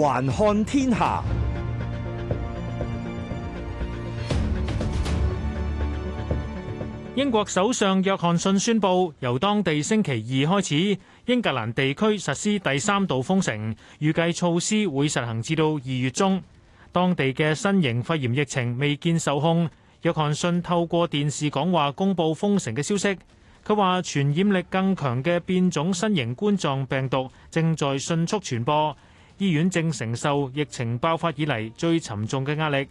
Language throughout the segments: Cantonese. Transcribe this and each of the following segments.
環看天下，英國首相約翰遜宣布，由當地星期二開始，英格蘭地區實施第三度封城，預計措施會實行至到二月中。當地嘅新型肺炎疫情未見受控。約翰遜透過電視講話公布封城嘅消息，佢話傳染力更強嘅變種新型冠狀病毒正在迅速傳播。醫院正承受疫情爆發以嚟最沉重嘅壓力，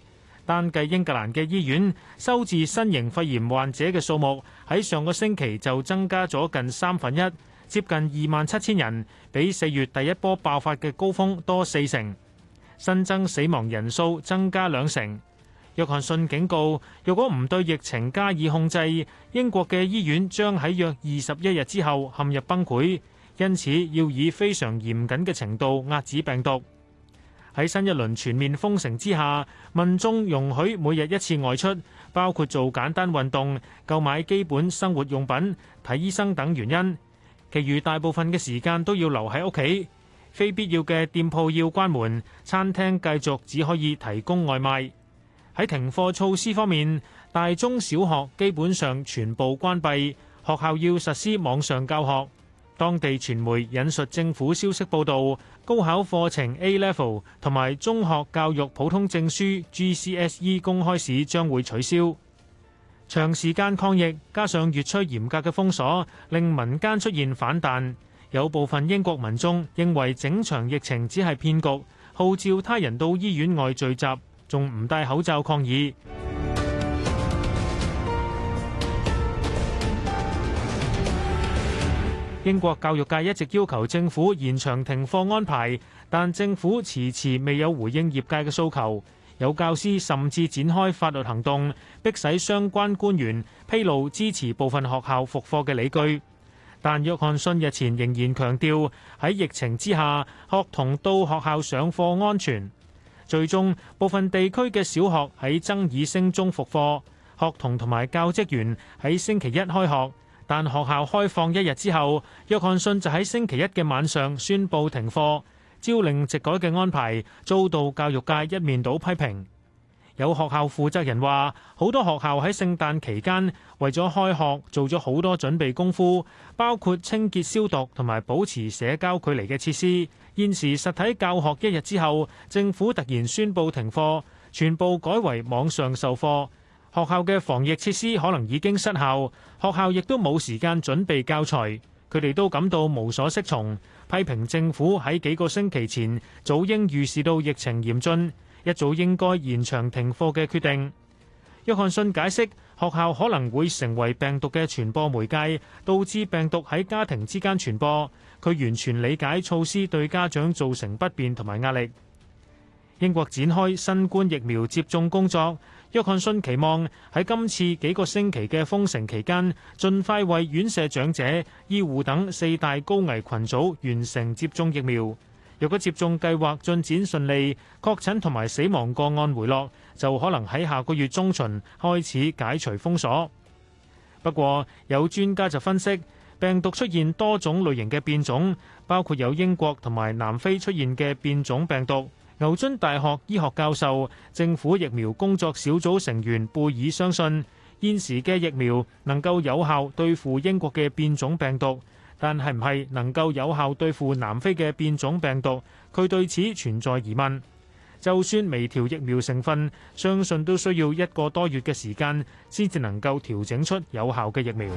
單計英格蘭嘅醫院收治新型肺炎患者嘅數目喺上個星期就增加咗近三分一，接近二萬七千人，比四月第一波爆發嘅高峰多四成。新增死亡人數增加兩成。約翰遜警告，若果唔對疫情加以控制，英國嘅醫院將喺約二十一日之後陷入崩潰。因此要以非常嚴謹嘅程度遏止病毒。喺新一輪全面封城之下，民眾容許每日一次外出，包括做簡單運動、購買基本生活用品、睇醫生等原因。其餘大部分嘅時間都要留喺屋企。非必要嘅店鋪要關門，餐廳繼續只可以提供外賣。喺停課措施方面，大中小學基本上全部關閉，學校要實施網上教學。當地傳媒引述政府消息報道，高考課程 A Level 同埋中學教育普通證書 GCSE 公開試將會取消。長時間抗疫加上越趨嚴格嘅封鎖，令民間出現反彈，有部分英國民眾認為整場疫情只係騙局，號召他人到醫院外聚集，仲唔戴口罩抗議。英國教育界一直要求政府延長停課安排，但政府遲遲未有回應業界嘅訴求。有教師甚至展開法律行動，迫使相關官員披露支持部分學校復課嘅理據。但約翰遜日前仍然強調，喺疫情之下，學童到學校上課安全。最終，部分地區嘅小學喺爭議聲中復課，學童同埋教職員喺星期一開學。但學校開放一日之後，約翰遜就喺星期一嘅晚上宣布停課，朝令夕改嘅安排遭到教育界一面倒批評。有學校負責人話，好多學校喺聖誕期間為咗開學做咗好多準備功夫，包括清潔消毒同埋保持社交距離嘅設施。現時實體教學一日之後，政府突然宣布停課，全部改為網上授課。學校嘅防疫設施可能已經失效，學校亦都冇時間準備教材，佢哋都感到無所適從，批評政府喺幾個星期前早應預示到疫情嚴峻，一早應該延長停課嘅決定。約翰遜解釋，學校可能會成為病毒嘅傳播媒介，導致病毒喺家庭之間傳播。佢完全理解措施對家長造成不便同埋壓力。英國展開新冠疫苗接種工作。約翰遜期望喺今次幾個星期嘅封城期間，盡快為院舍長者、醫護等四大高危群組完成接種疫苗。若果接種計劃進展順利，確診同埋死亡個案回落，就可能喺下個月中旬開始解除封鎖。不過，有專家就分析，病毒出現多種類型嘅變種，包括有英國同埋南非出現嘅變種病毒。牛津大學醫學教授、政府疫苗工作小組成員貝爾相信，現時嘅疫苗能夠有效對付英國嘅變種病毒，但係唔係能夠有效對付南非嘅變種病毒，佢對此存在疑問。就算微調疫苗成分，相信都需要一個多月嘅時間先至能夠調整出有效嘅疫苗。